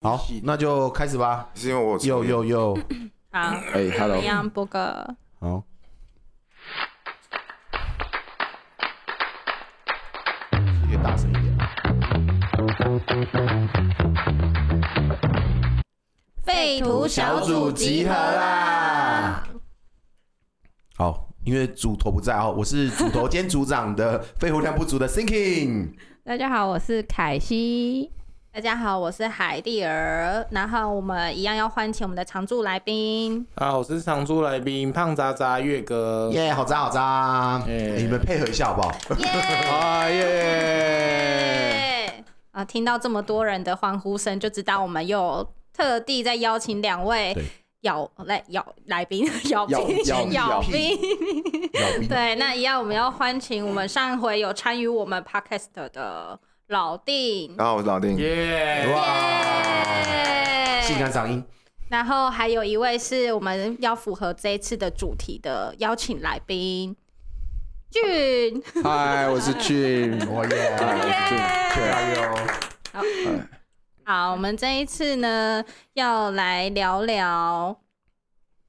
好，那就開始吧。因為我有有有。Yo, yo, yo 好，哎、欸，Hello，博哥。 好。可以大聲一點、啊。廢圖小組集合啦！好，因為主頭不在哦，我是主頭兼組長的肺活量不足的 Thinking。 大家好，我是凱西。大家好，我是海蒂兒，然後我們一樣要歡迎我們的常駐來賓。好、啊，我是常駐來賓胖渣渣月哥。耶、yeah,，好渣好渣，你們配合一下好不好？啊耶！啊，聽到這麼多人的歡呼聲，就知道我們又特地在邀請兩位咬來咬來賓、咬咬咬咬賓。 對，那一樣 我們要歡迎我們上回有參與我們 podcast 的。老定，然、oh, 我是老定，耶，哇，性感嗓音。然後還有一位是我們要符合這一次的主題的邀請來賓，Jim、oh.，嗨，我是 Jim ，oh yeah, yeah! 我也，Jim 加油，好好， 好 好 好 我們這一次呢要來聊聊。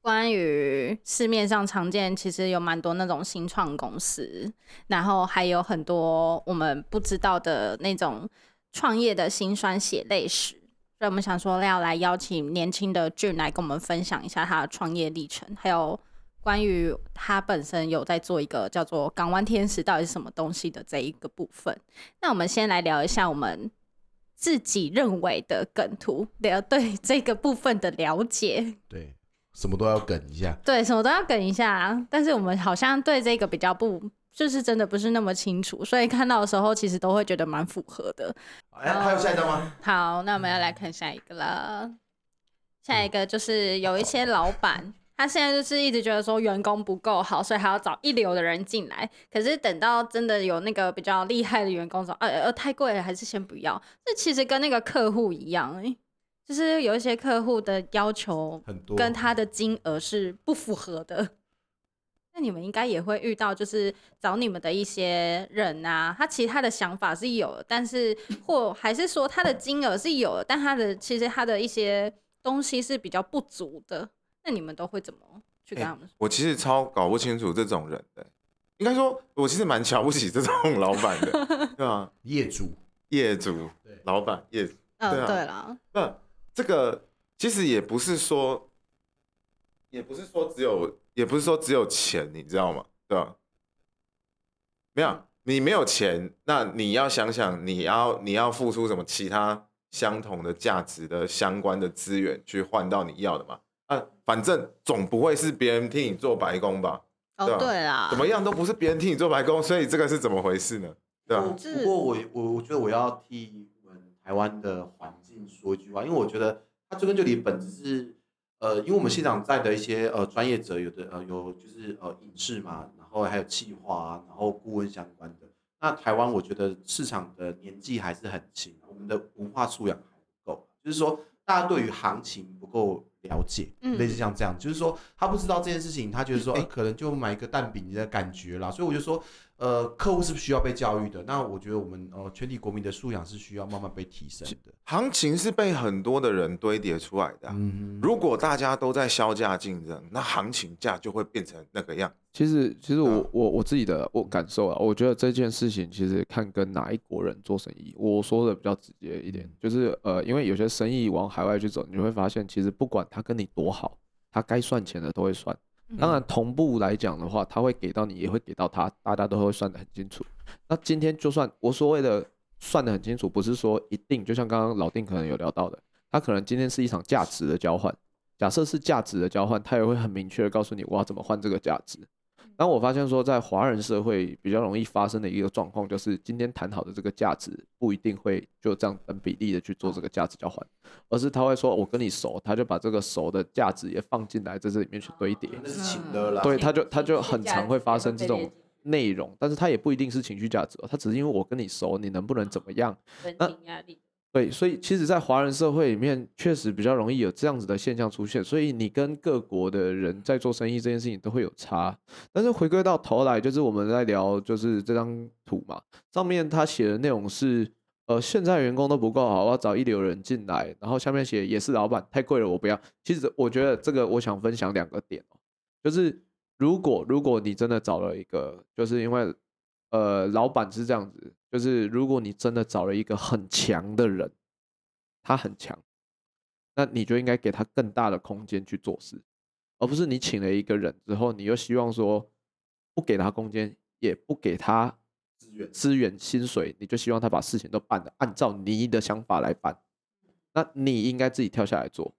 關於市面上常見，其實有蠻多那種新創公司，然後還有很多我們不知道的那種創業的辛酸血淚史。所以我們想說要來邀請年輕的 Jim 來跟我們分享一下他的創業歷程，還有關於他本身有在做一個叫做“港灣天使”到底是什麼東西的這一個部分。那我們先來聊一下我們自己認為的梗圖要對這個部分的了解。對。什麼都要梗一下，對，什麼都要梗一下。但是我們好像對這個比較不，就是真的不是那麼清楚，所以看到的時候其實都會覺得蠻符合的。哎、啊，還有下一個嗎？好，那我們要來看下一個了。下一個就是有一些老闆、嗯，他現在就是一直覺得說員工不夠好，所以還要找一流的人進來。可是等到真的有那個比較厲害的員工說，呃、啊，呃、啊啊，太貴了，還是先不要。這其實跟那個客戶一樣、欸。就是有一些客戶的要求，很多跟他的金額是不符合的。那你們應該也會遇到，就是找你們的一些人吶、啊，他其他的想法是有的，但是或還是說他的金額是有的，但他的其實他的一些東西是比較不足的。那你們都會怎麼去跟他們說、欸？我其實超搞不清楚這種人的，應該說我其實蠻瞧不起這種老板的， 對啊，業主、業主、啊、老板、業主，對、啊、對了、啊，對啊對啊這個其實也不是說，也不是說只有，也不是說只有錢，你知道嗎？對吧？沒有，你沒有錢，那你要想想，你要你要付出什麼其他相同的價值的相關的資源去換到你要的嘛？啊，反正總不會是別人替你做白工吧？對吧？哦，對啊，怎麼樣都不是別人替你做白工，所以這個是怎麼回事呢？對啊、哦，不過我我我覺得我要替我們台灣的環說一句話，因為我覺得他這根這裡本質是，呃，因為我們現場在的一些呃專業者有的呃有就是呃影視嘛，然後還有企劃、啊、然後顧問相關的。那台灣我覺得市場的年紀還是很輕，我們的文化素養還不夠，就是說大家對於行情不夠了解、嗯，類似像這樣，就是說他不知道這件事情，他覺得說、欸欸、可能就買一個蛋餅的感覺啦，所以我就說。呃，客戶是需要被教育的。那我覺得我們呃全體國民的素養是需要慢慢被提升的。行情是被很多的人堆疊出來的，啊嗯。如果大家都在削價競爭，那行情價就會變成那個樣。其實，其實我我，嗯、我自己的我感受啊，我覺得這件事情其實看跟哪一國人做生意。我說的比較直接一點，嗯，就是呃，因為有些生意往海外去走，你會發現其實不管他跟你多好，他該算錢的都會算。當然，同步來講的話，他會給到你，也會給到他，大家都會算得很清楚。那今天就算我所謂的算得很清楚，不是說一定，就像剛剛老定可能有聊到的，他可能今天是一場價值的交換。假設是價值的交換，他也會很明確地告訴你，我要怎麼換這個價值。但我發現說，在華人社會比較容易發生的一個狀況，就是今天談好的這個價值不一定會就這樣等比例的去做這個價值交換，而是他會說：“我跟你熟，他就把這個熟的價值也放進來，在這裡面去堆疊。”對，他就他就很常會發生這種內容，但是他也不一定是情緒價值哦，他只是因為我跟你熟，你能不能怎麼樣？對，所以其實，在華人社會裡面，確實比較容易有這樣子的現象出現。所以，你跟各國的人在做生意這件事情都會有差。但是，回歸到頭來，就是我們在聊，就是這張圖嘛，上面他寫的內容是：呃，現在員工都不夠好，我要找一流人進來。然後下面寫也是老闆太貴了，我不要。其實，我覺得這個我想分享兩個點哦，就是如果如果你真的找了一個，就是因為呃，老闆是這樣子。就是如果你真的找了一個很強的人，他很強，那你就應該給他更大的空間去做事，而不是你請了一個人之後，你又希望說不給他空間，也不給他資源、資源、薪水，你就希望他把事情都辦得按照你的想法來辦，那你應該自己跳下來做，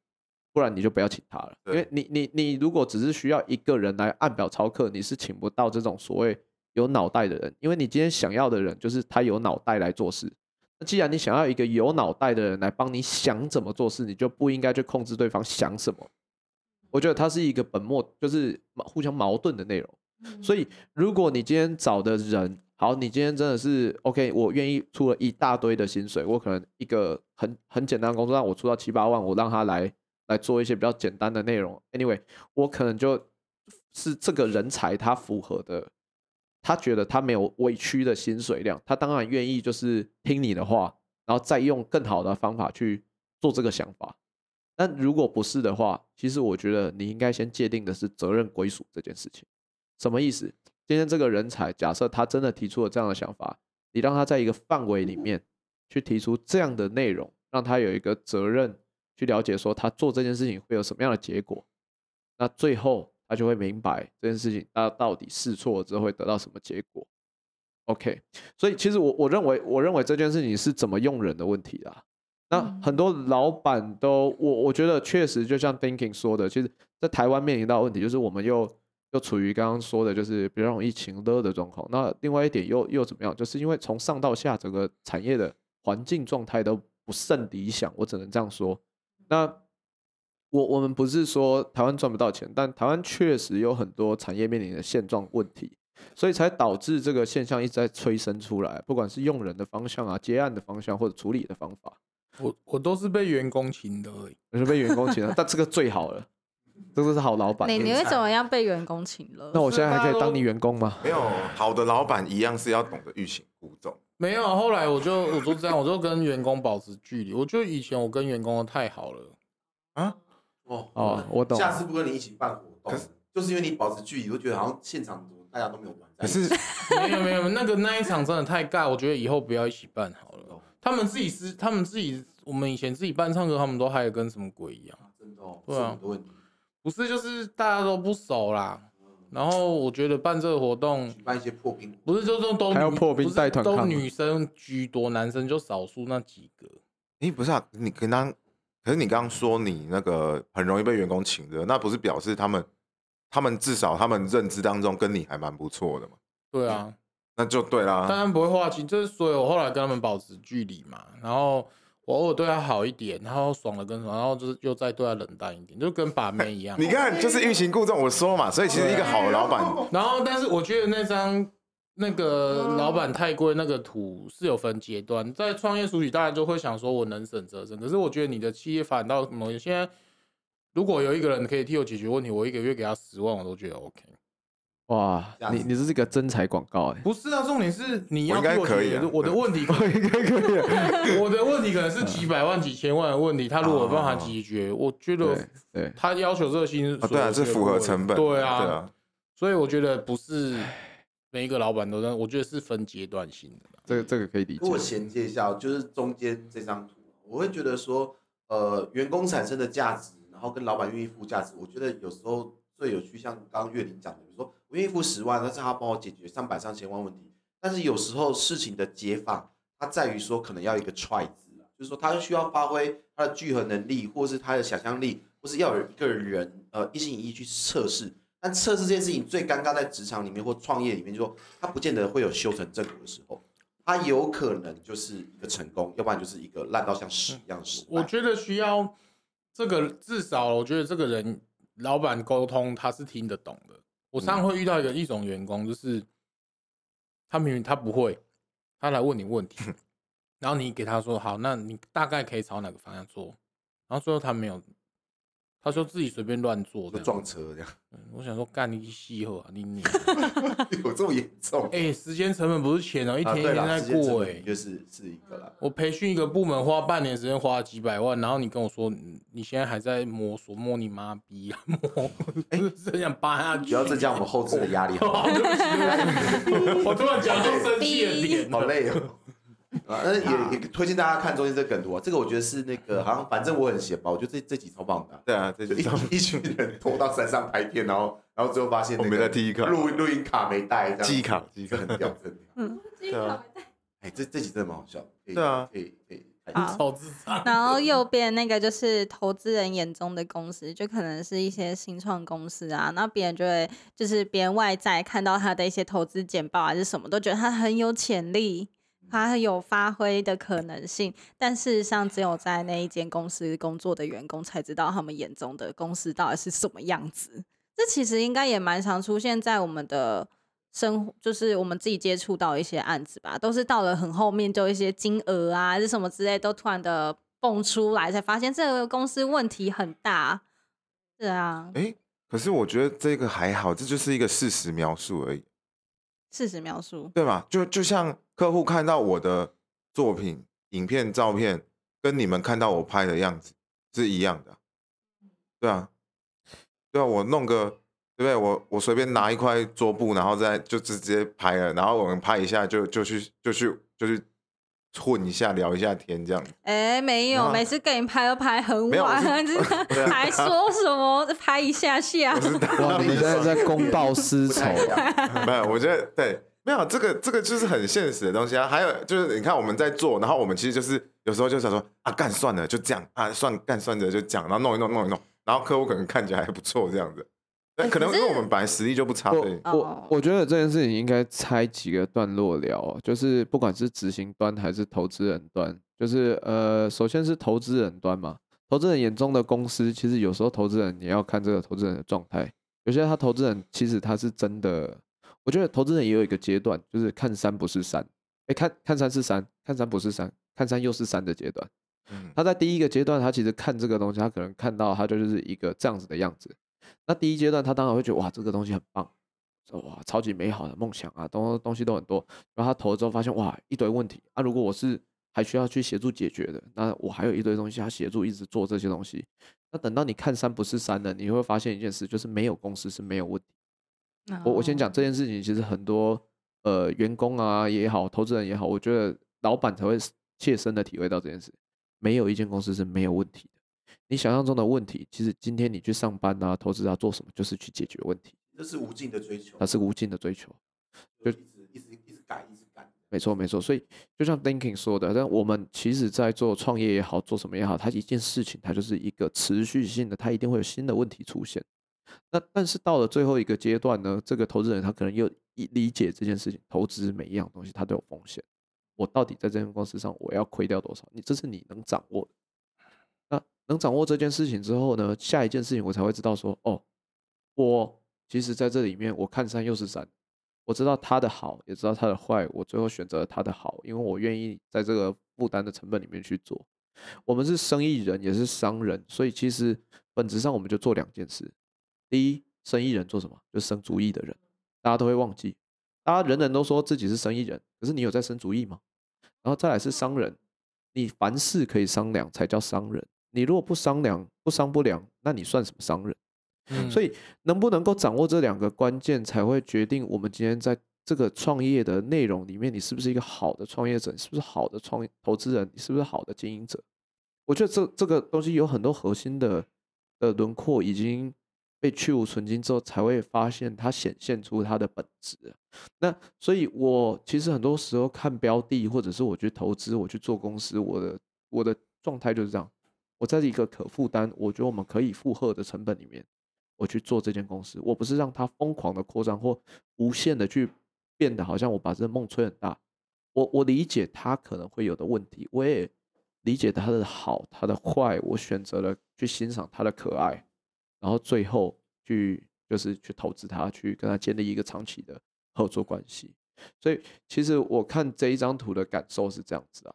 不然你就不要請他了。因為你、你、你如果只是需要一個人來按表操課，你是請不到這種所謂，有腦袋的人，因為你今天想要的人就是他有腦袋來做事。那既然你想要一個有腦袋的人來幫你想怎麼做事，你就不應該去控制對方想什麼。我覺得他是一個本末，就是互相矛盾的內容。所以，如果你今天找的人，好，你今天真的是 OK，我願意出了一大堆的薪水，我可能一個很很簡單的工作，讓我出到七八萬，我讓他來來做一些比較簡單的內容。Anyway，我可能就是這個人才他符合的。他覺得他沒有委屈的薪水量，他當然願意就是聽你的話，然後再用更好的方法去做這個想法。但如果不是的話，其實我覺得你應該先界定的是責任歸屬這件事情。什麼意思？今天這個人才假設他真的提出了這樣的想法，你讓他在一個範圍裡面去提出這樣的內容，讓他有一個責任去了解說他做這件事情會有什麼樣的結果。那最後。他就會明白這件事情，他到底試錯之後會得到什麼結果。OK，所以其實我我認為我認為這件事情是怎麼用人的問題啦。那很多老板都我我覺得確實就像 Thinking 說的，其實在台灣面臨到的問題就是我們又又處於剛剛說的就是比較容易情勒的狀況。那另外一點又又怎麼樣？就是因為從上到下整個產業的環境狀態都不甚理想，我只能這樣說。那。我我們不是說台灣賺不到錢，但台灣確實有很多產業面臨的現狀問題，所以才導致這個現象一直在催生出來。不管是用人的方向啊、接案的方向或者處理的方法，我我都是被員工請的而已，我是被員工請的 但這個最好了，這個是好老板。你、嗯、你會怎麼要被員工請了？那我現在還可以當你員工嗎？沒有，好的老板一樣是要懂得欲擒故縱。 沒有，後來我就我就這樣，我就跟員工保持距離。我覺得以前我跟員工的太好了啊。哦哦，我懂。下次不跟你一起辦活動，可是就是因為你保持距離，我覺得好像現場大家都沒有玩。可是 沒有沒有，那個那一場真的太尬，我覺得以後不要一起辦好了。Oh. 他們自己是他們自己，我們以前自己辦唱歌，他們都嗨得跟什麼鬼一樣。Oh, 真的、哦。對啊。不是就是大家都不熟啦。嗯、然後我覺得辦這個活動，辦一些破冰，不是就是說都還要破冰帶團唱，女生居多，男生就少數那幾個。哎、欸，不是啊，你跟他。可是你剛剛說，你那個很容易被員工請的，那不是表示他們他們至少他們認知當中跟你還蠻不錯的嘛？對啊，那就對啦，當然不會劃清，就是所以我後來跟他們保持距離嘛，然後我偶爾對他好一點，然後爽了跟爽，然後就是又再對他冷淡一點，就跟把妹一樣。 你看，就是欲擒故縱，我說嘛，所以其實一個好的老板、啊，然後但是我覺得那張。那個老闆太貴，那個圖是有分階段。在創業初期大家就會想說，我能省則省。可是我覺得你的企業反倒到什麼？現在如果有一個人可以替我解決問題，我一個月給他十萬，我都覺得 OK。哇，你你這是一個徵才廣告哎、欸！不是啊，重點是你要替我解決、應可以、啊、我的問題，應該可以。 我的問題可能是幾百萬、 幾千萬的問題，他如果有辦法解決、哦，我覺得、哦、他要求這個薪資，哦、對啊，是符合成本對、啊，對啊。所以我覺得不是。每一個老闆都，在，我覺得是分階段性的，這個、這個可以理解。跟我銜接一下，就是中間這張圖，我會覺得說呃，呃，員工產生的價值，然後跟老闆願意付價值，我覺得有時候最有趣，像剛剛月林講的，比如說我願意付十萬，但是他幫我解決上百上千萬問題，但是有時候事情的解法，它在於說可能要一個踹字啊，就是說他需要發揮他的聚合能力，或是他的想象力，或是要有一個人，呃，一心一意去測試。但測試這件事情最尷尬，在職場裡面或創業裡面，就說他不見得會有修成正果的時候，他有可能就是一個成功，要不然就是一個爛到像屎一樣的屎、嗯。我覺得需要這個至少，我覺得這個人老闆溝通他是聽得懂的。我常常會遇到一個一種員工，就是他明明他不會，他來問你問題，然後你給他說好，那你大概可以朝哪個方向做，然後最後他沒有。他說自己隨便亂做這撞車這樣。我想說幹你稀活、 欸、啊，你你有這麼嚴重？哎，時間成本不是錢哦、喔，一天一天在過哎、欸，啊、就是是一個啦。我培訓一個部門花半年時間，花了幾百萬，然後你跟我說，你，你現在還在摸索摸你媽逼啊摸！哎，欸就是、想扒下去，主要增加我們後製的壓力生了、欸。好累哦。 是也 也推薦大家看中間這梗圖啊，這個我覺得是那個好像反正我很閒吧，我覺得這這集超棒的，啊。對啊，這就一 一群人拖到山上拍片，然後然後之後發現我們再聽一錄錄音卡沒帶，記卡記卡掉。真的，啊，嗯，記卡沒帶。哎，欸，這這集真的蠻好笑，欸。對啊，對，欸，對，超智商。然後右邊那個就是投資人眼中的公司，就可能是一些新創公司啊，那別人就會就是別人外在看到他的一些投資簡報還是什麼，都覺得他很有潛力。他有發揮的可能性，但事實上，只有在那一間公司工作的員工才知道他們眼中的公司到底是什麼樣子。這其實應該也蠻常出現在我們的生活，就是我們自己接觸到一些案子吧，都是到了很後面，就一些金額啊，什麼之類的都突然的蹦出來，才發現這個公司問題很大。是啊，誒、欸，可是我覺得這個還好，這就是一個事實描述而已。事實描述，對吧？就就像。客戶看到我的作品、影片、照片，跟你們看到我拍的樣子是一樣的。對啊，對啊，我弄個，對不對？我我隨便拿一塊桌布，然後再就直接拍了。然後我們拍一下就，就去就去就去就去混一下、聊一下天，這樣。哎、欸，沒有，每次跟你拍都拍很晚， 還說什麼 拍一下下？哇，你現在在公報私仇啊？沒有， 我覺得對。沒有這個，這個就是很現實的東西啊。還有就是，你看我們在做，然後我們其實就是有時候就想說啊，幹算了，就這樣啊，算幹算了，就講，然後弄一弄弄一弄，然後客戶可能看起來還不錯這樣子。但可能因為我們本來實力就不差。欸、我我,我覺得這件事情應該拆幾個段落聊，就是不管是執行端還是投資人端，就是呃，首先是投資人端嘛，投資人眼中的公司，其實有時候投資人也要看這個投資人的狀態，有些他投資人其實他是真的。我覺得投資人也有一個階段，就是看山不是山，哎、欸，看看山是山，看山不是山，看山又是山的階段。他在第一個階段，他其實看這個東西，他可能看到他就是一個這樣子的樣子。那第一階段，他當然會覺得哇，這個東西很棒，哇，超級美好的夢想啊，東東西都很多。然後他投了之後，發現哇，一堆問題啊。如果我是還需要去協助解決的，那我還有一堆東西要協助一直做這些東西。那等到你看山不是山了，你會發現一件事，就是沒有公司是沒有問題。我、no. 我先講這件事情，其實很多呃員工啊也好，投資人也好，我覺得老板才會切身的體會到這件事，沒有一間公司是沒有問題的。你想象中的問題，其實今天你去上班啊，投資啊，做什麼就是去解決問題，這是無盡的追求，那是無盡的追求，就一直一直一直改，一直改。沒錯，沒錯，所以就像丁丁說的，但我們其實在做創業也好，做什麼也好，它一件事情它就是一個持續性的，它一定會有新的問題出現。那但是到了最後一個階段呢，這個投資人他可能又理理解這件事情。投資每一樣東西他都有風險。我到底在這間公司上我要虧掉多少？你這是你能掌握的。那能掌握這件事情之後呢，下一件事情我才會知道說，哦，我其實在這裡面我看山又是山，我知道他的好，也知道他的壞，我最後選擇了他的好，因為我願意在這個負擔的成本裡面去做。我們是生意人，也是商人，所以其實本質上我們就做兩件事。第一，生意人做什麼？就是、生主意的人，大家都會忘記。大家人人都說自己是生意人，可是你有在生主意嗎？然後再來是商人，你凡事可以商量才叫商人。你如果不商量，不商不量，那你算什麼商人？嗯、所以，能不能夠掌握這兩個關鍵，才會決定我們今天在這個創業的內容裡面，你是不是一個好的創業者，是不是好的創投資人，你是不是好的經營者？我覺得這這個東西有很多核心的的輪廓已經被去蕪存菁之後，才會發現它顯現出它的本質。那所以，我其實很多時候看標的，或者是我去投資，我去做公司，我的我的狀態就是這樣。我在一個可負擔，我覺得我們可以負荷的成本裡面，我去做這間公司。我不是讓它瘋狂的擴張或無限的去變得好像我把這個夢吹很大。我我理解它可能會有的問題，我也理解它的好，它的壞。我選擇了去欣賞它的可愛。然後最後去就是去投資他，去跟他建立一個長期的合作關係。所以其實我看這一張圖的感受是這樣子啊。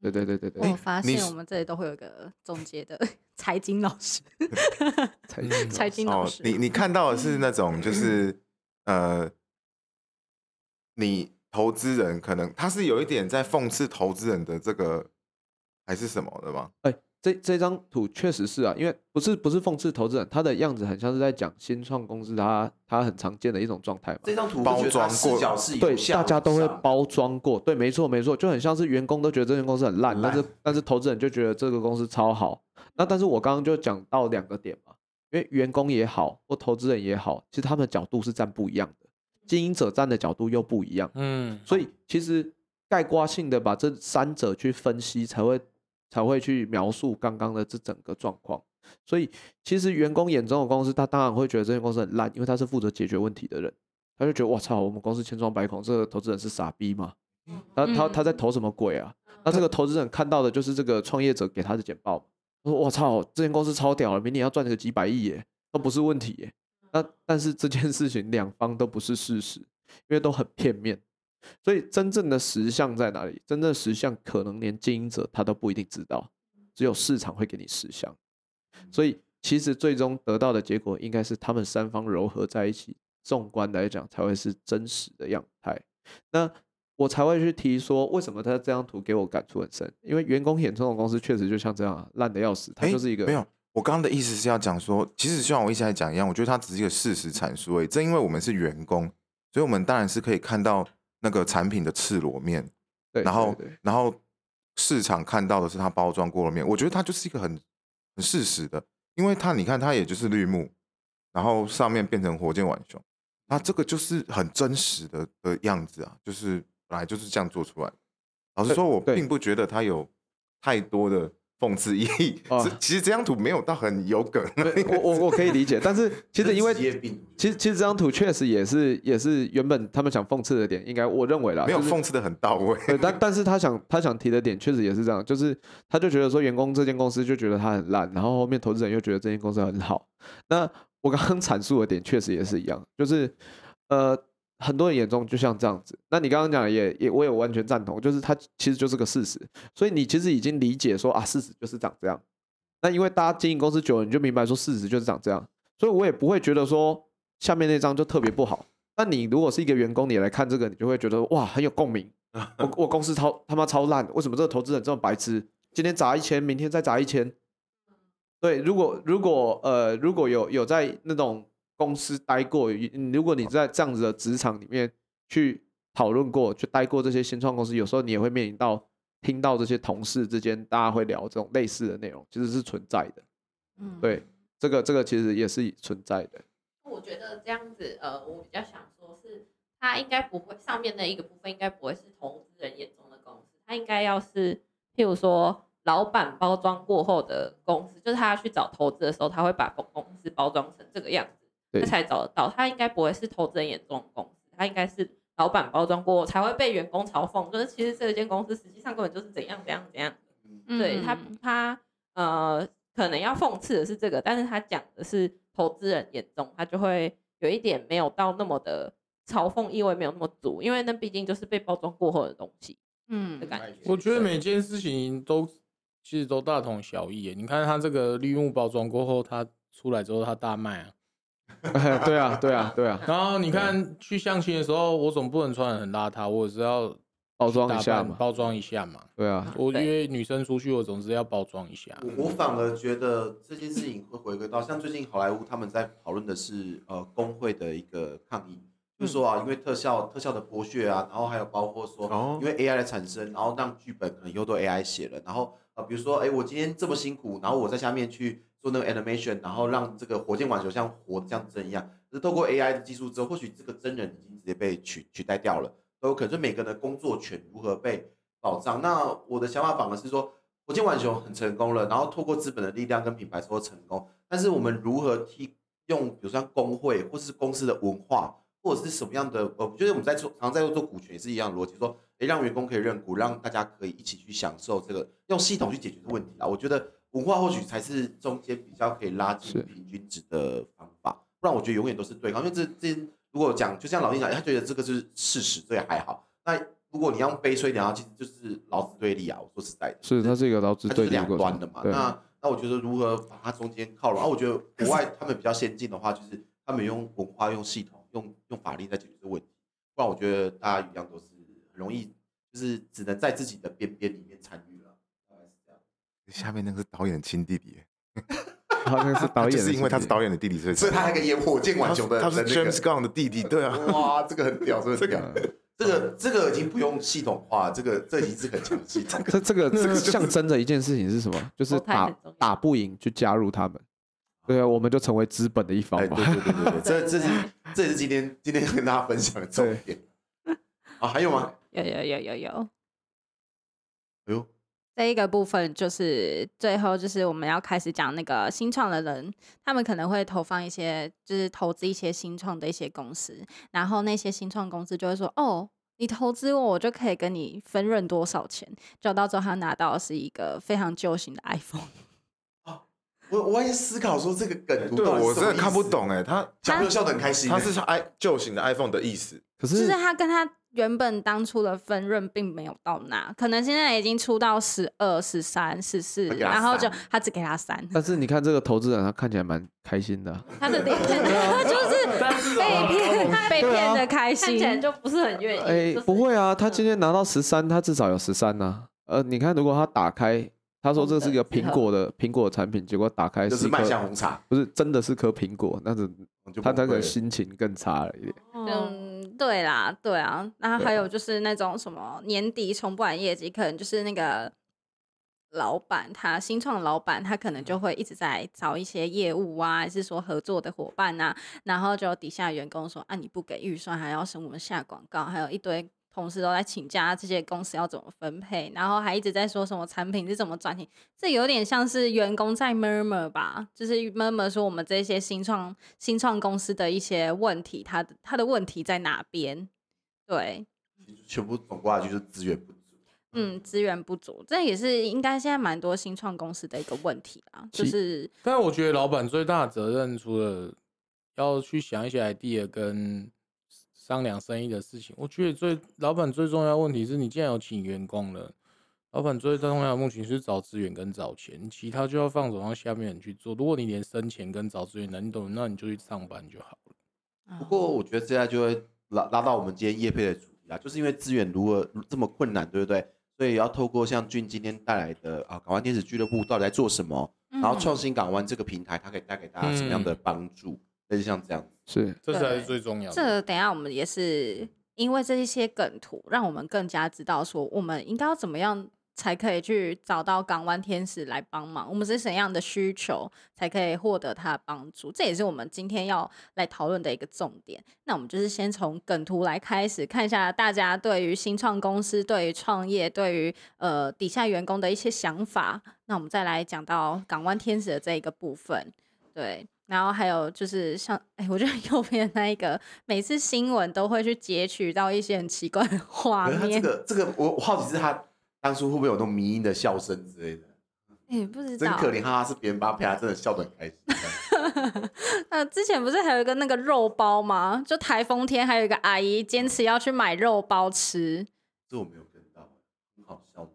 對對對對對，對、欸。我發現我們這裡都會有一個總結的財經老師，財經老師， 財經老師，財經老師、哦。你你看到的是那種 就是呃，你投資人可能他是有一點在諷刺投資人的這個還是什麼的嗎？哎、欸。這這張圖確實是啊，因為不是不是諷刺投資人，他的樣子很像是在講新創公司他，他他很常見的一種狀態嘛。這張圖包裝過，對，大家都會包裝過，對，沒錯沒錯，就很像是員工都覺得這間公司很爛，很爛但是、嗯、但是投資人就覺得這個公司超好。那但是我剛剛就講到兩個點嘛，因為員工也好或投資人也好，其實他們的角度是站不一樣的，經營者站的角度又不一樣，嗯，所以其實概括性的把這三者去分析才會。才會去描述剛剛的這整個狀況，所以其實員工眼中的公司，他當然會覺得這間公司很爛，因為他是負責解決問題的人，他就覺得我操，我們公司千瘡百孔，這個投資人是傻逼嘛？他他他在投什麼鬼啊？那這個投資人看到的就是這個創業者給他的簡報，他說我操，這間公司超屌了，明年要賺個幾百億耶，都不是問題耶那。那但是這件事情兩方都不是事實，因為都很片面。所以真正的實相在哪裡？真正的實相可能連經營者他都不一定知道，只有市場會給你實相。所以其實最終得到的結果應該是他們三方揉合在一起，縱觀來講才會是真實的樣態。那我才會去提說，為什麼他這張圖給我感觸很深？因為員工險這種公司確實就像這樣爛得要死，它就是一個、欸、沒有。我剛剛的意思是要講說，其實就像我一直在講一樣，我覺得它只是一個事實闡述而已。正因為我們是員工，所以我們當然是可以看到那個產品的赤裸面，對，然後然後市場看到的是它包裝過了面，我覺得它就是一個很很事實的，因為它你看它也就是綠幕，然後上面變成火箭浣熊，那這個就是很真實的的樣子啊，就是本來就是這樣做出來的。老實說，我並不覺得它有太多的。諷刺意義啊、哦，其實這張圖沒有到很有梗，我我我可以理解， 但是其實因為其實其實這張圖確實也是也是原本他們想諷刺的點，應該我認為啦，沒有諷刺得很到位，就是，但但是他想他想提的點確實也是這樣，就是他就覺得說員工這間公司就覺得他很爛，然後後面投資人又覺得這間公司很好，那我剛剛闡述的點確實也是一樣，就是呃。很多人眼中就像這樣子，那你剛剛講的也也我也完全贊同，就是它其實就是個事實，所以你其實已經理解說啊，事實就是長這樣。那因為大家經營公司久了，你就明白說事實就是長這樣，所以我也不會覺得說下面那張就特別不好。那你如果是一個員工，你來看這個，你就會覺得哇很有共鳴。我我公司超他媽超爛，為什麼這個投資人這麼白痴？今天砸一千，明天再砸一千。對，如果如果呃如果有有在那種公司待過，如果你在這樣子的職場裡面去討論過，去待過這些新創公司，有時候你也會面臨到聽到這些同事之間大家會聊這種類似的內容，其實是存在的。嗯，對，這個這個其實也是存在的。我覺得這樣子，呃，我比較想說是他應該不會上面那一個部分應該不會是投資人眼中的公司，他應該要是譬如說老闆包裝過後的公司，就是他要去找投資的時候，他會把公司包裝成這個樣子。他才找得到，他應該不會是投資人眼中的公司，他應該是老板包裝過才會被員工嘲諷。就是其實這一間公司實際上根本就是怎樣怎樣怎樣。嗯，對，他他呃，可能要諷刺的是這個，但是他講的是投資人眼中，他就會有一點沒有到那麼的嘲諷意味沒有那麼足，因為那畢竟就是被包裝過後的東西，嗯的感覺。我覺得每件事情都其實都大同小異。你看他這個綠幕包裝過後，他出來之後他大賣啊。 哎、對，啊對啊，對啊，對啊。然後你看，啊、去相親的時候，我總不能穿的很邋遢，我也是要包裝一下嘛，包裝一下嘛。對啊，對我約女生出去，我總是要包裝一下。我反而覺得這件事情會回歸到， 像最近好萊塢他們在討論的是，呃，工會的一個抗議，嗯、就是說啊，因為特效、特效的剝削啊，然後還有包括說，哦、因為 AI 的產生，然後讓劇本可能又都 AI 寫了，然後啊、呃，比如說，哎，我今天這麼辛苦，然後我在下面去。做那個 animation，然後讓這個火箭浣熊像活像真一樣，是透過 AI 的技術之後，或許這個真人已經直接被取取代掉了。都可能就每個人的工作權如何被保障？那我的想法反而是說，火箭浣熊很成功了，然後透過資本的力量跟品牌之後成功，但是我們如何用，比如說像工會或是公司的文化，或者是什麼樣的？呃，就是我們在做，常，常在做做股權也是一樣的邏輯，說誒，讓員工可以認股，讓大家可以一起去享受這個，用系統去解決的問題啊。我覺得。文化或許才是中間比較可以拉近平均值的方法，不然我覺得永遠都是對抗。因為這這如果講，就像老定講，他覺得這個是事實，對，還好。那如果你要用悲催的話，然後其實就是勞資對立啊。我說實在的，是他這個勞資對立兩端的嘛。那那我覺得如何把它中間靠攏？然後我覺得國外他們比較先進的話，就是他們用文化、用系統、用用法律在解決這個問題。不然我覺得大家一樣都是很容易，就是只能在自己的邊邊裡面參與。下面那個是導演的親弟弟、 啊，好、那、像、個、是導演，是因為他是導演的弟弟，所以所以他還可以演火箭浣熊的他，他是 James Gunn 的弟弟，對啊，哇，這個很屌，真的屌，這個、 這個、這個已經不用系統化，這個這一是很強系的，這個、這，這個這個、就是那個、象徵的一件事情是什麼？就是打打不贏就加入他們，對啊，我們就成為資本的一方嘛、欸，對對對對，對， 對，對，對，這這是這是今天今天跟大家分享的重點啊，還有嗎？有有有有有，有，哎呦。這一個部分就是最後，就是我們要開始講那個新創的人，他們可能會投放一些，就是投資一些新創的一些公司，然後那些新創公司就會說：“哦，你投資我，我就可以跟你分潤多少錢。”，就到最後他拿到的是一個非常舊型的 iPhone。啊，我我也思考說這個梗，對我真的看不懂哎、欸，他講又笑得很開心、欸，他是笑舊型的 iPhone 的意思，可是就是他跟他。原本當初的分潤並沒有到那，可能現在已經出到十二、十三、十四，然後就他只給他三。但是你看這個投資人，他看起來蠻開心的、啊。 他的他、 啊、就是被騙、啊，被騙的、啊、的開心，看起來就不是很願意、欸就是。不會啊，他今天拿到十三，他至少有十三吶。呃，你看如果他打開，他說這是一個蘋果的蘋果的產品，結果打開是麥香、就是、紅茶，不是真的是顆蘋果，那是他那個心情更差了一點。嗯對啦，對啊，那還有就是那種什麼年底衝不完業績，可能就是那個老闆他，他新創的老闆，他可能就會一直在找一些業務啊，還是說合作的夥伴吶、啊，然後就底下員工說啊，你不給預算，還要省我們下廣告，還有一堆。同事都在請假，這些公司要怎麼分配？然後還一直在說什麼產品是怎麼賺錢，這有點像是員工在 murmur 吧，就是 murmur 說我們這些新創新創公司的一些問題，他的他的問題在哪邊？對，全部總括就是資源不足。嗯，資源不足，這也是應該現在蠻多新創公司的一個問題啊。就是，但我覺得老闆最大的責任除了要去想一些 idea 跟。商量生意的事情，我覺得最老闆最重要的問題是你既然有請員工了，老闆最最重要的目前是找資源跟找錢，其他就要放手讓下面人去做。如果你連生錢跟找資源能懂，那你就去上班就好了。不過我覺得現在就會拉拉到我們今天業配的主題啊，就是因為資源如何這麼困難，對不對？所以要透過像 Jim 今天帶來的啊，港灣天使俱樂部到底在做什麼，然後創新港灣這個平台它可以帶給大家什麼樣的幫助，類、嗯就是像這樣子是，對這才是最重要的。這等下我們也是因為這一些梗圖，讓我們更加知道說我們應該要怎麼樣才可以去找到港灣天使來幫忙。我們是怎樣的需求才可以獲得他的幫助？這也是我們今天要來討論的一個重點。那我們就是先從梗圖來開始，看一下大家對於新創公司、對於創業、對於呃底下員工的一些想法。那我們再來講到港灣天使的這一個部分，對。然後還有就是像，哎，我覺得右邊那一個，每次新聞都會去截取到一些很奇怪的畫面。這個這個，這個、我我好奇是他當初會不會有那種迷因的笑聲之類的？哎，不知道。真可憐，哈哈，是別人幫他配，他真的笑得很開心。 這樣 那之前不是還有一個那個肉包嗎？就颱風天，還有一個阿姨堅持要去買肉包吃。這我沒有跟到，很好笑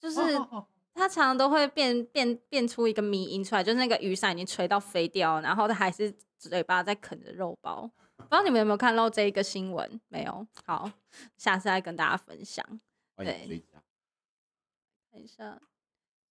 就是。他常常都會變變變出一個迷因出來，就是那個雨傘已經吹到飛掉，然後他還是嘴巴在啃着肉包。不知道你們有沒有看到這一個新聞？沒有，好，下次再跟大家分享。對，等一下，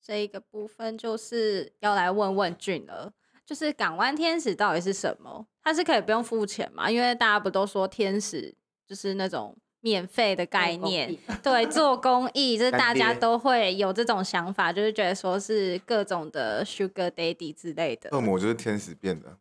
這一個部分就是要來問問 Jim，就是港灣天使到底是什麼？它是可以不用付錢嗎？因為大家不都說天使就是那種。免費的概念，oh, okay. 對做公益，就是大家都會有這種想法，就是覺得說是各種的 sugar daddy 之類的。惡魔就是天使變的，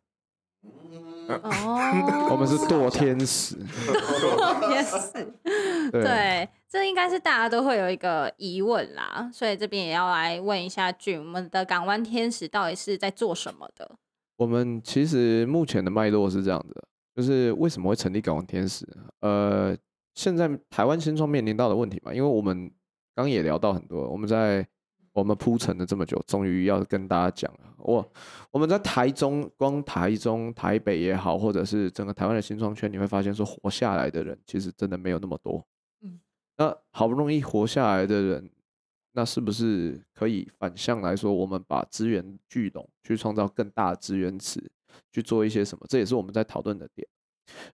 嗯、哦， 我們是墮天使，墮 天使 對。對，這應該是大家都會有一個疑問啦，所以這邊也要來問一下 Jim 我們的港灣天使到底是在做什麼的？我們其實目前的脈絡是這樣的，就是為什麼會成立港灣天使？呃。現在台灣新創面臨到的問題嘛，因為我們剛也聊到很多，我們在我們鋪陳了這麼久，終於要跟大家講了。我我們在台中、光台中、台北也好，或者是整個台灣的新創圈，你會發現說活下來的人其實真的沒有那麼多。嗯，那好不容易活下來的人，那是不是可以反向來說，我們把資源聚攏，去創造更大的資源池，去做一些什麼？這也是我們在討論的點。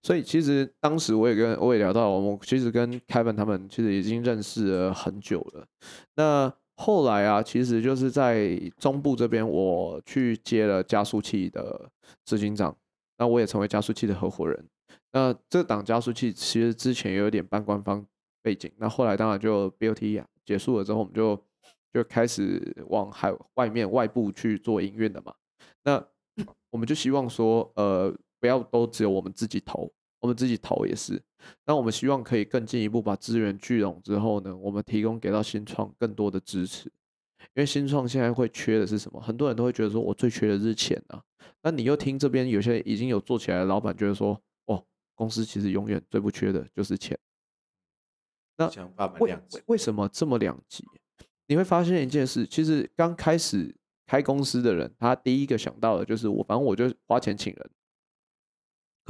所以其實當時我也跟我也聊到，我們其實跟 Kevin 他們其實已經認識了很久了。那後來啊，其實就是在中部這邊，我去接了加速器的執行長，那我也成為加速器的合夥人。那這檔加速器其實之前也有點半官方背景。那後來當然就 BOT、啊、結束了之後，我們就就開始往海外，外面外部去做營運了嘛。那我們就希望說，呃。不要都只有我們自己投，我們自己投也是。那我們希望可以更進一步把資源聚攏之後呢，我們提供給到新創更多的支持。因為新創現在會缺的是什麼？很多人都會覺得說，我最缺的是錢啊。那你又聽這邊有些已經有做起來的老板覺得說，哦，公司其實永遠最不缺的就是錢。那為，為，為什麼這麼兩極？你會發現一件事，其實剛開始開公司的人，他第一個想到的就是我，反正我就花錢請人。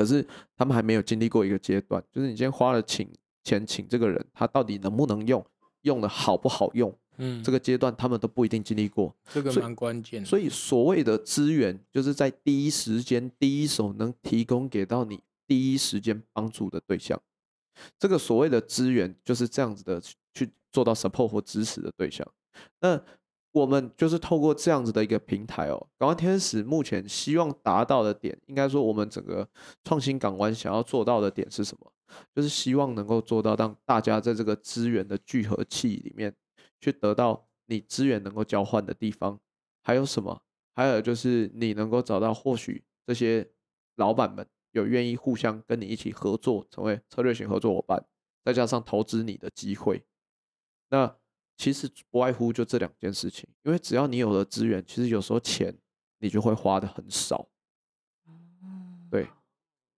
可是他們還沒有經歷過一個階段，就是你今天花了錢,錢請這個人，他到底能不能用，用的好不好用？嗯，這個階段他們都不一定經歷過。這個蠻關鍵的。所以,所以所謂的資源，就是在第一時間、第一手能提供給到你第一時間幫助的對象。這個所謂的資源就是這樣子的，去做到 support 或支持的對象。那。我們就是透過這樣子的一個平台哦，港灣天使目前希望達到的點，應該說我們整個創新港灣想要做到的點是什麼？就是希望能夠做到讓大家在這個資源的聚合器裡面去得到你資源能夠交換的地方，還有什麼？還有就是你能夠找到或許這些老闆們有願意互相跟你一起合作，成為策略型合作夥伴，再加上投資你的機會，那。其實不外乎就這兩件事情，因為只要你有了資源，其實有時候錢你就會花得很少。對。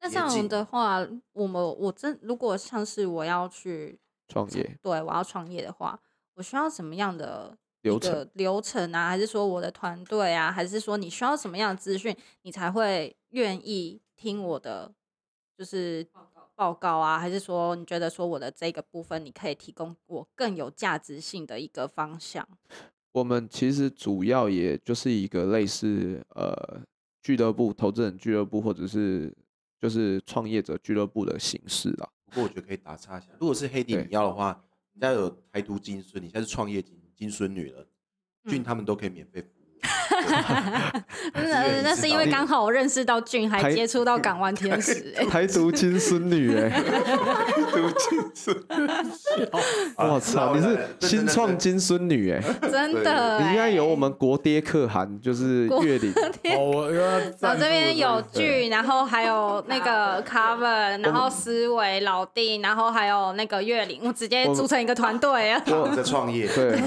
那這樣的話，我們我真如果像是我要去創業，對，我要創業的話，我需要什麼樣的流程啊？流程啊，還是說我的團隊啊，還是說你需要什麼樣的資訊，你才會願意聽我的？就是。報告啊，還是說你覺得說我的這個部分，你可以提供我更有價值性的一個方向？我們其實主要也就是一個類似，呃俱樂部、投資人俱樂部，或者是就是創業者俱樂部的形式啦。不過我覺得可以打岔一下，如果是黑迪你要的話，你家有台獨金孫，你現在是創業金金孫女了，俊、嗯、他們都可以免費。那 那是因為剛好我認識到俊，還接觸到港灣天使、欸，台獨金孫女哎、欸，獨金孫女，我操，你是新創金孫女哎、欸，真的、欸對對對，你應該有我們國爹可汗，就是月齡、 哦、我、啊、這邊有俊，然後還有那個 Kevin 然後思維老弟，然後還有那個月齡我，我直接組成一個團隊啊，我在創業， 對，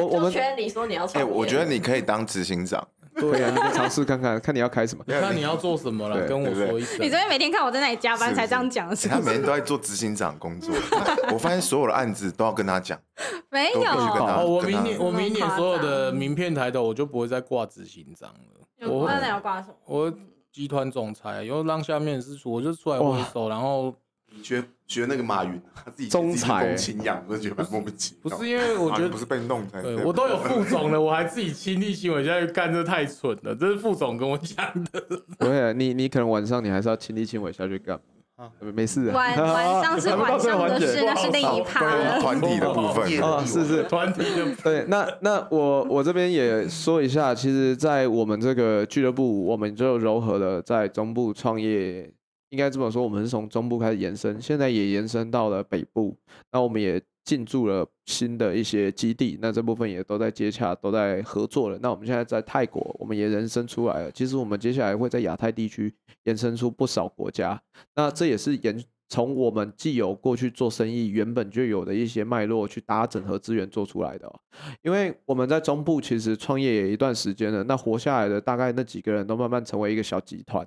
我我們圈裡說你要創業、欸，我覺得你可以當執行長。對呀、啊，你嘗試看看， 看你要開什麼，你看你要做什麼了，跟我說一下。對對對 你昨天每天看我在那裡加班，才這樣講、欸。他每天都在做執行長工作， 我發現所有的案子都要跟他講， 沒有。我明年，我明年所有的名片抬頭，我就不會再掛執行長了。我真的要掛什麼？我，我集團總裁，然後讓下面是出，我就出來握手，oh. 然後。你覺，覺得那個馬雲，他自己中自己供親養，我覺得莫名其妙。不是因為我覺得、啊、不是被弄才，我都有副總了， 我還自己親力親為下去幹，這太蠢了。這是副總跟我講的。對、 okay，你你可能晚上你還是要親力親為下去幹、啊、沒事、啊。晚晚上是晚上的事， 那是那一趴了對、啊、 團體的部分 啊，是是團體的。部分 對，那那我我這邊也說一下，其實，在我們這個俱樂部，我們就融合了在中部創業。應該這麼說，我們是從中部開始延伸，現在也延伸到了北部。那我們也進駐了新的一些基地，那這部分也都在接洽，都在合作了。那我們現在在泰國，我們也延伸出來了。其實我們接下來會在亞太地區延伸出不少國家。那這也是延從我們既有過去做生意，原本就有的一些脈絡去搭整合資源做出來的喔。因為我們在中部其實創業也一段時間了，那活下來的大概那幾個人都慢慢成為一個小集團。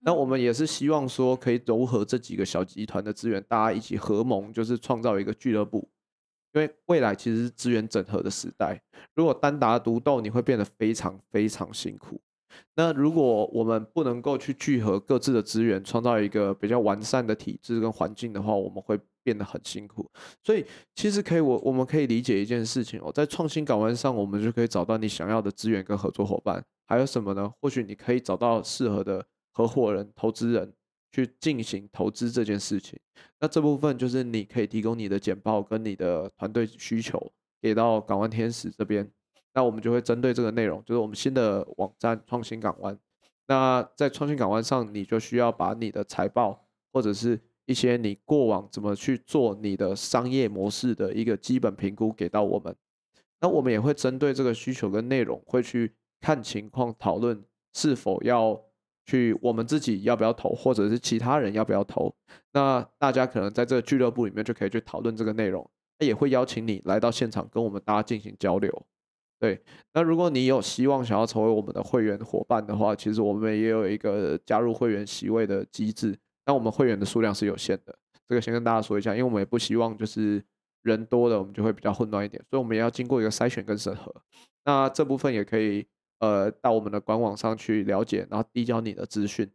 那我們也是希望說，可以融合這幾個小集團的資源，大家一起合盟，就是創造一個俱樂部。因為未來其實是資源整合的時代，如果單打獨鬥，你會變得非常非常辛苦。那如果我們不能夠去聚合各自的資源，創造一個比較完善的體制跟環境的話，我們會變得很辛苦。所以其實可以，我我們可以理解一件事情哦，在創新港灣上，我們就可以找到你想要的資源跟合作夥伴。還有什麼呢？或許你可以找到適合的。合夥人、投資人去進行投資這件事情，那這部分就是你可以提供你的簡報跟你的團隊需求給到港灣天使這邊，那我們就會針對這個內容，就是我們新的網站創新港灣。那在創新港灣上，你就需要把你的財報或者是一些你過往怎麼去做你的商業模式的一個基本評估給到我們。那我們也會針對這個需求跟內容，會去看情況討論是否要。去我們自己要不要投，或者是其他人要不要投？那大家可能在這個俱樂部裡面就可以去討論這個內容，他也會邀請你來到現場跟我們大家進行交流。對，那如果你有希望想要成為我們的會員夥伴的話，其實我們也有一個加入會員席位的機制，但我們會員的數量是有限的，這個先跟大家說一下，因為我們也不希望就是人多了我們就會比較混亂一點，所以我們也要經過一個篩選跟審核。那這部分也可以。呃，到我們的官網上去了解，然後遞交你的資訊。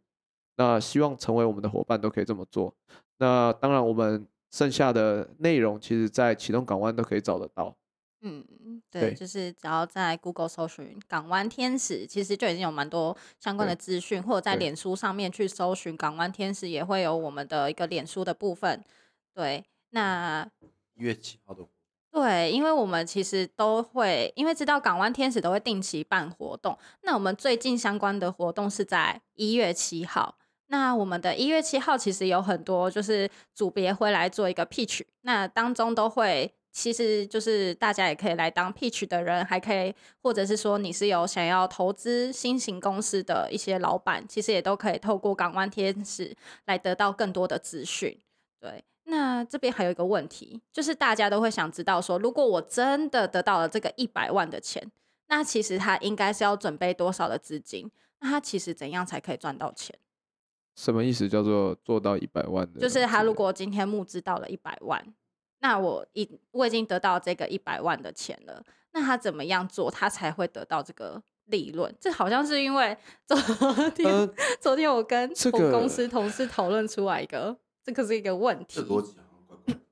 那希望成為我們的夥伴都可以這麼做。那當然，我們剩下的內容其實，在啟動港灣都可以找得到。嗯，對，對就是只要在 Google 搜尋“港灣天使”，其實就已經有蠻多相關的資訊，或者在臉書上面去搜尋“港灣天使”，也會有我們的一個臉書的部分。對，那一月七號的。對，因為我們其實都會，因為知道港灣天使都會定期辦活動。那我們最近相關的活動是在一月七號。那我們的一月七號其實有很多，就是組別會來做一個 pitch。那當中都會，其實就是大家也可以來當 pitch 的人，還可以，或者是說你是有想要投資新型公司的一些老板，其實也都可以透過港灣天使來得到更多的資訊。對。那這邊還有一個問題，就是大家都會想知道說，說如果我真的得到了這個一百萬的錢，那其實他應該是要準備多少的資金？那他其實怎樣才可以賺到錢？什麼意思？叫做做到一百萬的？就是他如果今天募資到了一百萬，那我已我已經得到這個一百萬的錢了，那他怎麼樣做，他才會得到這個利潤？這好像是因為昨天，昨天我跟同公司同事討論出來一個。這個是一個問題，這個、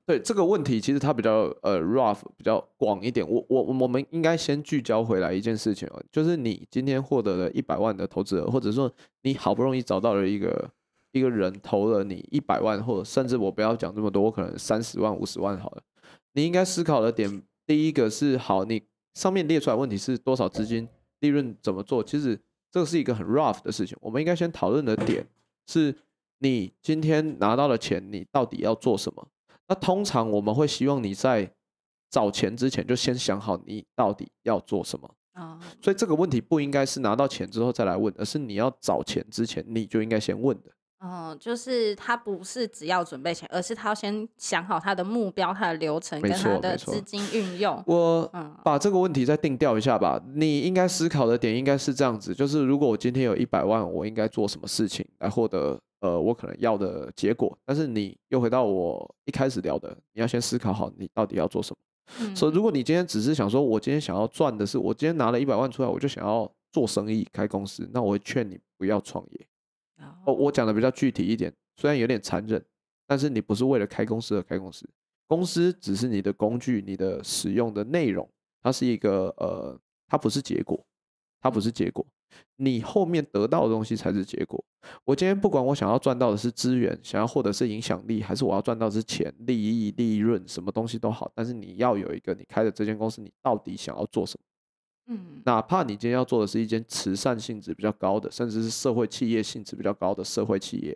對這個問題，其實它比較呃 rough，比較廣一點。我我我，我們應該先聚焦回來一件事情，哦，就是你今天獲得了一百萬的投資額，或者說你好不容易找到了一個一個人投了你一百萬，或者甚至我不要講這麼多，我可能三十萬、五十萬好了。你應該思考的點，第一個是好，你上面列出來問題是多少資金、利潤怎麼做？其實這個是一個很 rough 的事情。我們應該先討論的點是。你今天拿到的錢，你到底要做什麼？那通常我們會希望你在找錢之前就先想好你到底要做什麼啊。所以這個問題不應該是拿到錢之後再來問，而是你要找錢之前你就應該先問的。哦，就是他不是只要準備錢，而是他要先想好他的目標、他的流程跟他的資金運用。我把這個問題再定調一下吧。你應該思考的點應該是這樣子，就是如果我今天有一百萬，我應該做什麼事情來獲得？呃，我可能要的結果，但是你又回到我一開始聊的，你要先思考好你到底要做什麼。所、嗯、以，so, 如果你今天只是想說，我今天想要賺的是，我今天拿了一百萬出來，我就想要做生意開公司，那我會勸你不要創業。哦，呃、我講的比較具體一點，雖然有點殘忍，但是你不是為了開公司而開公司，公司只是你的工具，你的使用的內容，它是一個呃，它不是結果，它不是結果。嗯你後面得到的東西才是結果。我今天不管我想要賺到的是資源，想要獲得是影響力，還是我要賺到的是錢、利益、利潤，什麼東西都好。但是你要有一個，你開的這間公司，你到底想要做什麼？嗯，哪怕你今天要做的是一間慈善性質比較高的，甚至是社會企業性質比較高的社會企業，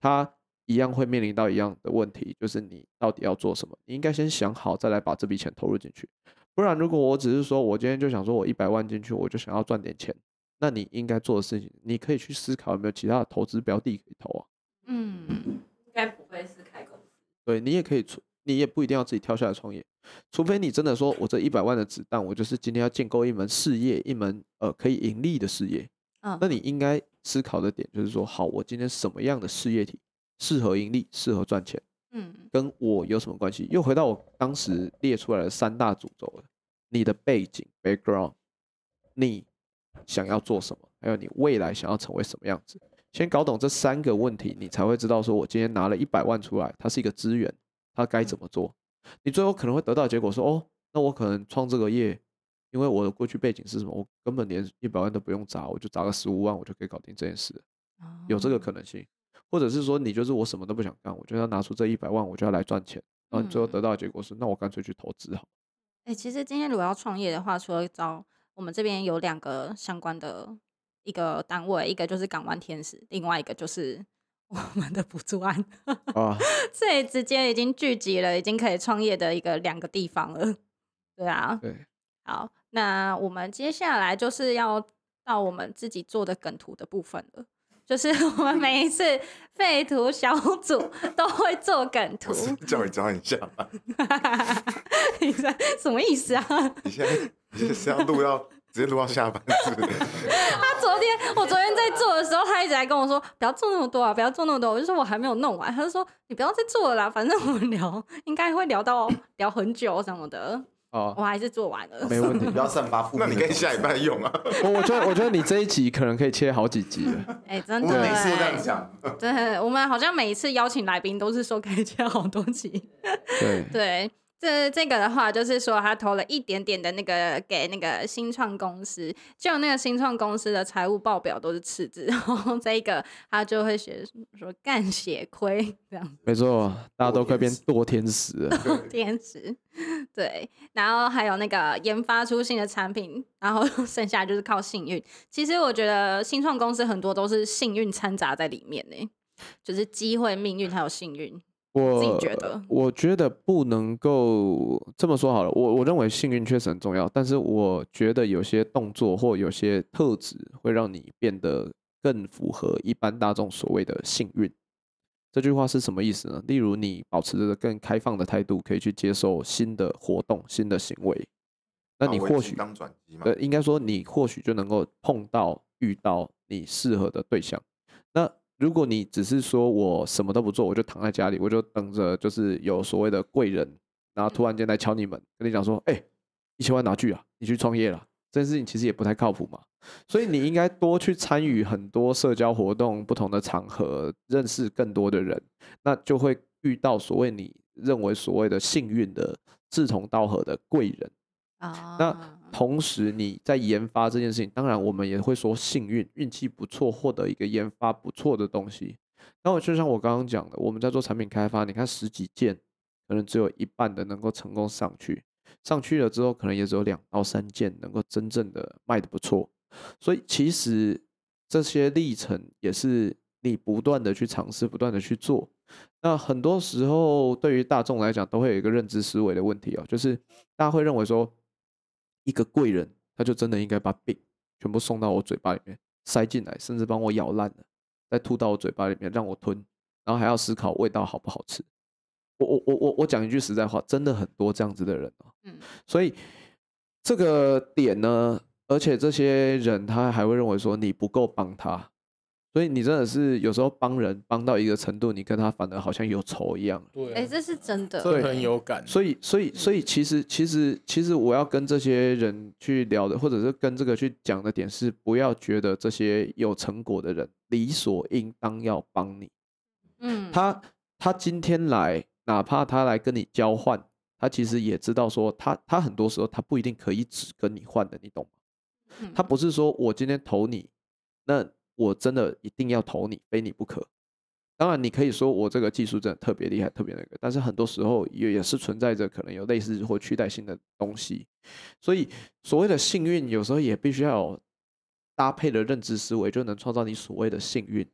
它一樣會面臨到一樣的問題，就是你到底要做什麼？你應該先想好，再來把這筆錢投入進去。不然，如果我只是說我今天就想說我一百萬進去，我就想要賺點錢。那你應該做的事情，你可以去思考有沒有其他的投資標的可以投啊。嗯，應該不會是開公司。對，你也可以出，你也不一定要自己跳下來創業，除非你真的說，我這一百萬的子彈，我就是今天要建構一門事業，一門呃可以盈利的事業。那你應該思考的點就是說，好，我今天什麼樣的事業體適合盈利、適合賺錢？嗯，跟我有什麼關係？又回到我當時列出來的三大主軸了，你的背景 （background），你。想要做什麼，還有你未來想要成為什麼樣子，先搞懂這三個問題，你才會知道說，我今天拿了一百萬出來，它是一個資源，它該怎麼做。你最後可能會得到結果說，哦，那我可能創這個業，因為我的過去背景是什麼，我根本連一百萬都不用砸，我就砸個十五萬，我就可以搞定這件事，有這個可能性。或者是說，你就是我什麼都不想幹，我就要拿出這一百萬，我就要來賺錢。然後你最後得到的結果是，嗯、那我乾脆去投資好。哎、欸，其實今天如果要創業的話，除了招。我們這邊有兩個相關的，一個單位，一個就是港灣天使，另外一個就是我們的補助案。哦， 所以直接已經聚集了，已經可以創業的一個兩個地方了。對啊，對，好，那我們接下來就是要到我們自己做的梗圖的部分了，就是我們每一次廢圖小組都會做梗圖，叫你教一下吧。一 什麼意思啊？是要錄到直接錄到下班， 他昨天我昨天在做的時候，他一直在跟我說不要做那麼多啊，不要做那麼多。我就是說我還沒有弄完，他就說你不要再做了啦，反正我們聊應該會聊到聊很久什麼的。哦，我還是做完了。哦， 沒問題， 不要散發負面。那你可以下禮拜用啊。 我我覺得我覺得你這一集可能可以切好幾集。哎，真的、欸，我每次這樣講，對，對我們好像每一次邀請來賓都是說可以切好多集。對，對。這這個的話，就是說他投了一點點的那個給那個新創公司，就那個新創公司的財務報表都是赤字，然後這個他就會寫說幹血虧這樣。沒錯，大家都快變墮天使了。墮天使對，對。然後還有那個研發出新的產品，然後剩下就是靠幸運。其實我覺得新創公司很多都是幸運摻雜在裡面呢，就是機會、命運還有幸運。我自己覺得，我覺得不能夠這麼說好了，我我認為幸運確實很重要，但是我覺得有些動作或有些特質會讓你變得更符合一般大眾所謂的幸運。這句話是什麼意思呢？例如你保持着更開放的態度，可以去接受新的活動、新的行為，那你或許剛轉機？對，應該說你或許就能夠碰到、遇到你適合的對象。如果你只是說我什麼都不做，我就躺在家裡，我就等着，就是有所謂的貴人，然後突然間來敲你門，跟你講說，哎、欸，一千萬拿去啊，你去創業了，這件事情其實也不太靠譜嘛。所以你應該多去參與很多社交活動，不同的場合認識更多的人，那就會遇到所謂你認為所謂的幸運的志同道合的貴人。啊、oh.，那同時你在研發這件事情，當然我們也會說幸運、運氣不錯，獲得一個研發不錯的東西。那我就像我剛剛講的，我們在做產品開發，你看十幾件，可能只有一半的能夠成功上去，上去了之後，可能也只有兩到三件能夠真正的賣的不錯。所以其實這些歷程也是你不斷的去嘗試、不斷的去做。那很多時候對於大眾來講，都會有一個認知思維的問題哦，就是大家會認為說。一個貴人，他就真的應該把餅全部送到我嘴巴裡面塞進來，甚至幫我咬爛了，再吐到我嘴巴裡面讓我吞，然後還要思考味道好不好吃。我我我我講一句實在話，真的很多這樣子的人哦。嗯，所以這個點呢，而且這些人他還會認為說你不夠幫他。所以你真的是有時候幫人幫到一個程度，你跟他反而好像有仇一樣。對，哎，欸，這是真的，這很有感。所以，所以，所以，所以其實，其實，其實，我要跟這些人去聊的，或者是跟這個去講的點是，不要覺得這些有成果的人理所應當要幫你。嗯，他他今天來，哪怕他來跟你交換，他其實也知道說他，他他很多時候他不一定可以只跟你換的，你懂嗎？嗯。他不是說我今天投你，那。我真的一定要投你，非你不可。當然，你可以說我這個技術真的特別厲害，特別那個，但是很多時候也也是存在着可能有類似或取代性的東西。所以，所謂的幸運，有時候也必須要有搭配的認知思維，就能創造你所謂的幸運。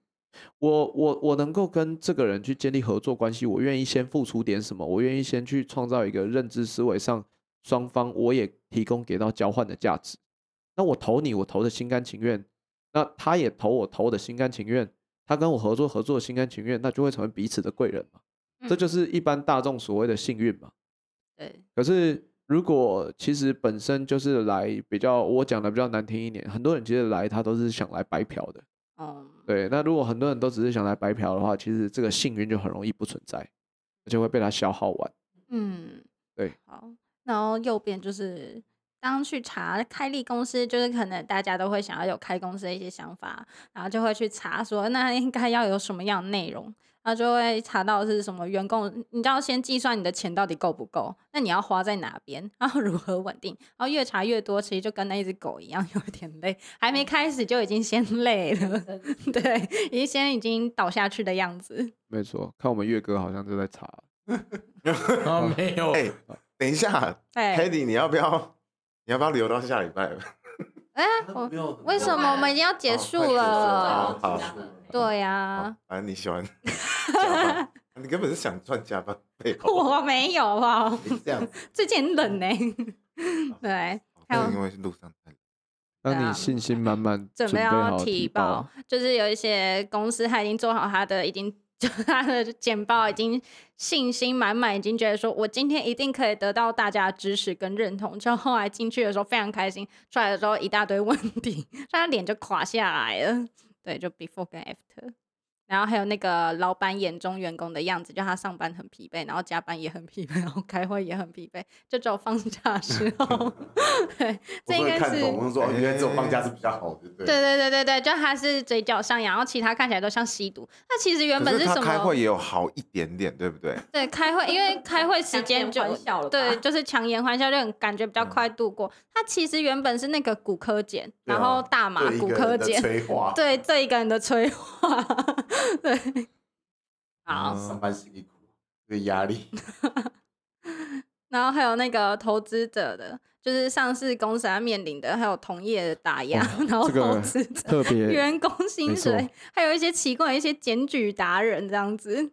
我、我、我能夠跟這個人去建立合作關係，我願意先付出點什麼，我願意先去創造一個認知思維上雙方我也提供給到交換的價值。那我投你，我投的心甘情願。那他也投我投的心甘情願，他跟我合作合作的心甘情願，那就會成為彼此的貴人嘛。嗯。這就是一般大眾所謂的幸運嘛。對。可是如果其實本身就是來比較，我講的比較難聽一點，很多人其實來他都是想來白嫖的。嗯。對。那如果很多人都只是想來白嫖的話，其實這個幸運就很容易不存在，就會被他消耗完。嗯，對。好。然後右邊就是。剛去查開立公司，就是可能大家都會想要有開公司的一些想法，然後就會去查說，那應該要有什麼樣的內容，然後就會查到是什麼員工，你知道要先計算你的錢到底夠不夠，那你要花在哪邊，然後如何穩定，然後越查越多，其實就跟那一隻狗一樣，有點累，還沒開始就已經先累了，對，已經先已經倒下去的樣子。沒錯，看我們月哥好像就在查， 哦、沒有，哎，等一下，哎，Katie 你要不要？你要不要留到下禮拜？哎、欸，我為什麼我們已經要結束了？欸，束了喔、束了，好，好對呀、啊啊。反正你喜歡， 啊、你根本是想賺加班費。我沒有、喔，啊、欸。你這樣，最近很冷呢？對，因為是路上。當你信心滿滿、啊，準備要提報，就是有一些公司他已經做好他的，已經。就他的簡報已經信心滿滿，已經覺得說我今天一定可以得到大家的支持跟認同。就後來進去的時候非常開心，出來的時候一大堆問題，所以他臉就垮下來了。對，就 before 跟 after。然後還有那個老闆眼中員工的樣子，就他上班很疲憊，然後加班也很疲憊，然後開會也很疲憊，就只有放假的時候。 對，我 這應該是。不是說，因為只有放假是比較好的，對不對？對對對對對，對就他是嘴角上揚，然後其他看起來都像吸毒。那其實原本是什麼？他開會也有好一點點，對不對？ 對，開會因為開會時間就 了對，就是強顏歡笑，就很感覺比較快度過。他、嗯、其實原本是那個骨科剪、哦，然後大麻骨科剪，對、哦，這一個人的催化。 對，啊、嗯，上班辛苦，有壓力。 然後還有那個投資者的，就是上市公司要面臨的，還有同業的打壓、哦，然後投資者、這個、員工薪水，還有一些奇怪的一些檢舉達人這樣子，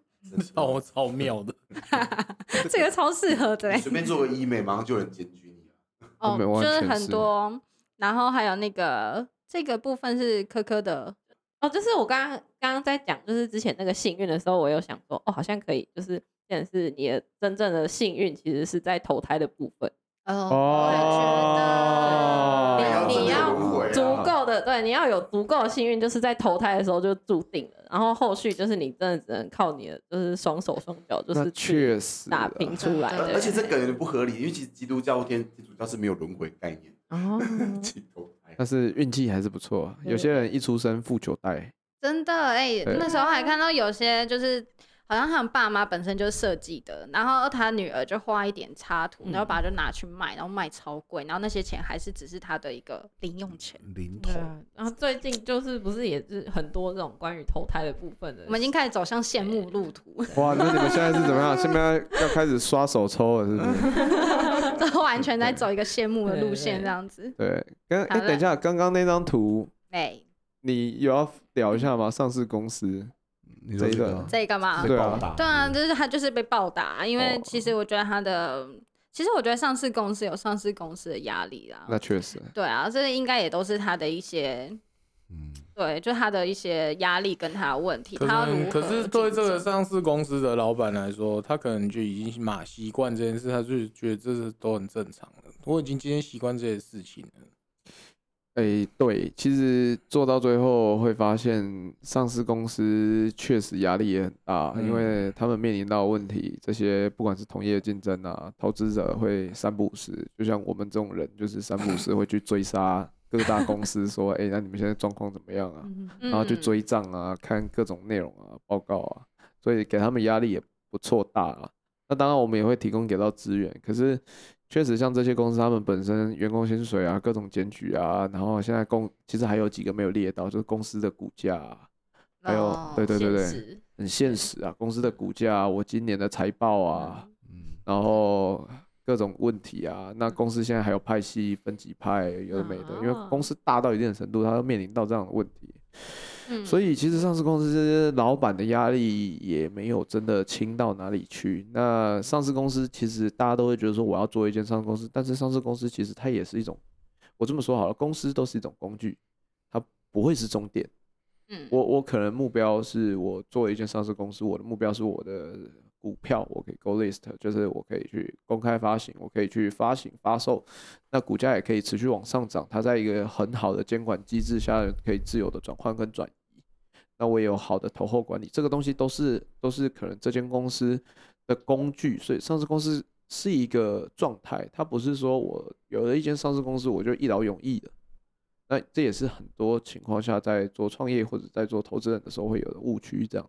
哦， 超妙的， 這個超適合的、欸。你隨便做個醫美，馬上就能檢舉你了。哦，沒就是很多是，然後還有那個這個部分是科科的。哦，就是我剛剛剛剛在講，就是之前那個幸運的時候，我有想說，哦，好像可以，就是現在是你的真正的幸運其實是在投胎的部分。哦，我也覺得，哦、你要足夠，有、啊、足夠的，對，你要有足夠的幸運，就是在投胎的時候就注定了，然後後續就是你真的只能靠你的，就是雙手雙腳，就是確實打拼出來。啊、而且這個有點不合理，因為其實基督教天，基督教是沒有輪迴概念哦。 但是運氣還是不錯，有些人一出生富九代。真的哎、欸，那時候還看到有些就是，好像他爸媽本身就是設計的，然後他女兒就畫一點插圖，然後把就拿去賣，然後賣超貴，然後那些錢還是只是他的一個零用錢。零頭、啊。然後最近就是不是也是很多這種關於投胎的部分的，我們已經開始走向羨慕路,路途。哇，那你們現在是怎麼樣？現 在要開始刷手抽了是不是？ 完全在走一個羨慕的路線，這樣子。對，對,對,對，跟哎、欸、等一下，剛剛那張圖，對、欸，你有要聊一下嗎？上市公司，你這個這個嘛、啊，對啊，就是他就是被暴打、嗯，因為其實我覺得他的，其實我覺得上市公司有上市公司的壓力啦。那確實。對啊，這個應該也都是他的一些。嗯，對，就他的一些壓力跟他的問題，可他可是對這個上市公司的老闆來說，他可能就已經罵習慣這件事，他就覺得這是都很正常的。我已經今天習慣這些事情了。哎、欸，對，其實做到最後會發現，上市公司確實壓力也很大、嗯，因為他們面臨到問題，這些不管是同業競爭啊，投資者會三不五時，就像我們這種人，就是三不五時會去追殺。 各大公司說：“哎、 欸，那你們現在狀況怎麼樣啊？”嗯、然後去追賬啊、嗯，看各種內容啊、報告啊，所以給他們壓力也不錯大了、啊。那當然，我們也會提供給到資源。可是，確實像這些公司，他們本身員工薪水啊、各種檢舉啊，然後現在公其實還有幾個沒有列到，就是公司的股價、哦，還有對對對對，很現實啊，公司的股價，我今年的財報啊，嗯，然後。各種問題啊，那公司現在還有派系分級派、欸，有的沒的，因為公司大到一定程度，它會面臨到這樣的問題，所以其實上市公司這些老闆的壓力也沒有真的輕到哪裡去。那上市公司其實大家都會覺得說我要做一間上市公司，但是上市公司其實它也是一種，我這麼說好了，公司都是一種工具，它不會是終點。嗯，我我可能目標是我做一間上市公司，我的目標是我的。股票我可以 go list，就是我可以去公開發行，我可以去發行發售，那股價也可以持續往上漲。它在一個很好的監管機制下，可以自由的轉換跟轉移。那我也有好的投後管理，這個東西都是都是可能這間公司的工具。所以上市公司是一個狀態，它不是說我有了一間上市公司我就一勞永逸的。那這也是很多情況下在做創業或者在做投資人的時候會有的誤區，這樣。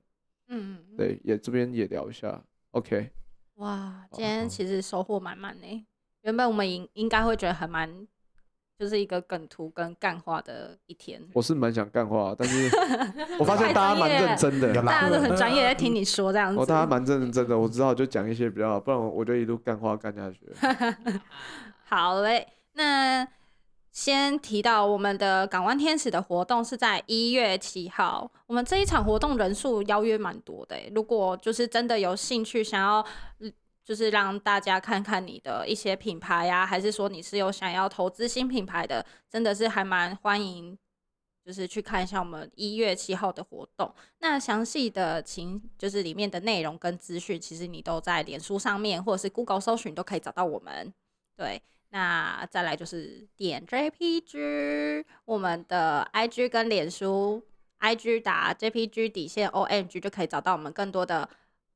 嗯，對，也這邊也聊一下，OK。哇，今天其實收穫滿滿呢。原本我們應應該會覺得還蠻，就是一個梗圖跟乾話的一天。我是蠻想乾話，但是我發現大家蠻認真的， 啊、大家都很專業在聽你說這樣子。哦， 大家蠻認真的，我只好就講一些比較好，不然我就一路乾話乾下去。 好嘞，那。先提到我們的港灣天使的活動是在一月七號。我們這一場活動人數邀約蠻多的，欸，如果就是真的有興趣，想要就是讓大家看看你的一些品牌呀，啊，還是說你是有想要投資新品牌的，真的是還蠻歡迎，就是去看一下我們一月七號的活動。那詳細的情就是裡面的內容跟資訊，其實你都在臉書上面，或者是 Google 搜尋都可以找到我們。對。那再來就是點 JPG，我們的 IG 跟臉書，IG 打 JPG 底線 OMG 就可以找到我們更多的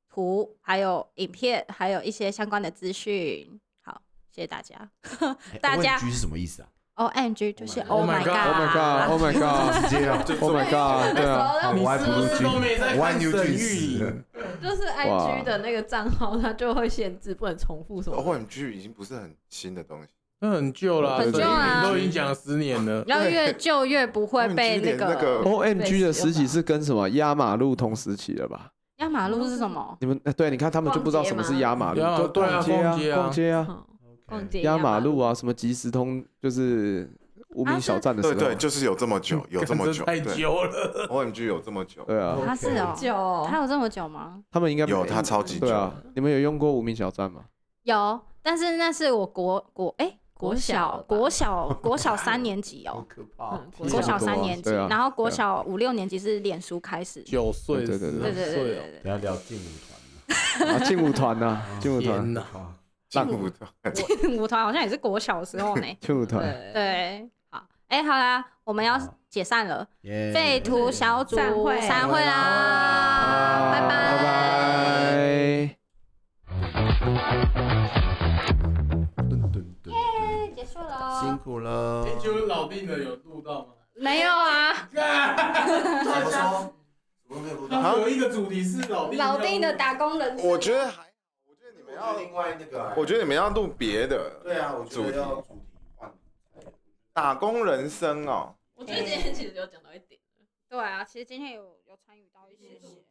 圖，還有影片，還有一些相關的資訊。好，謝謝大家。大家 OMG 是什麼意思啊？OMG 就是 Oh my god，Oh my god，直接啊，Oh my god，對啊，OMG，OMG 就是 IG 的那個賬號，它就會限制，不能重複什麼。OMG 已經不是很新的東西，很舊了，很舊啊，嗯嗯、你都已經講了十年了。然後、啊、越舊越不會被那個。O M G 的實、那、期、個、是跟什麼壓馬路同時期的吧？壓馬路是什麼？你們對，你看他們就不知道什麼是壓馬路，對逛街啊，逛街啊。壓、嗯、馬路啊，什麼即時通，就是無名小站的時候，啊、對，對對，就是有這麼久，有這麼久，太久了。 OMG 有這麼久，對啊，okay. 他是哦、喔喔，他有這麼久嗎？他們應該有，他超級久。對啊，你們有用過無名小站嗎？有，但是那是我國國哎、欸、國小國小國小三年級哦，國小三年級。然後國小五六年級是臉書開始，九歲，對對對對對對，對對不要聊勁舞團了，勁、 啊、舞團吶、啊，勁舞團進舞團，進舞團好像也是國小的時候呢。進 舞團，對，對，對，對，對，好，哎、欸，好啦，我們要解散了，yeah, 廢圖小組散，yeah, yeah, yeah, yeah, yeah, yeah, yeah, 會，會啦，拜拜。耶，拜拜拜拜拜拜 yeah, 結束了，辛苦了。哎、欸，老弟的有錄到嗎？沒有啊。哈、啊、哈 說？麼沒有錄到？有一個主題是老，的，老的打工人。我覺得。然後另外那個，我覺得你們要錄別的。對啊，我覺得要主題換。打工人生哦。我覺得今天其實有講到一點。對啊，其實今天有有參與到一些些。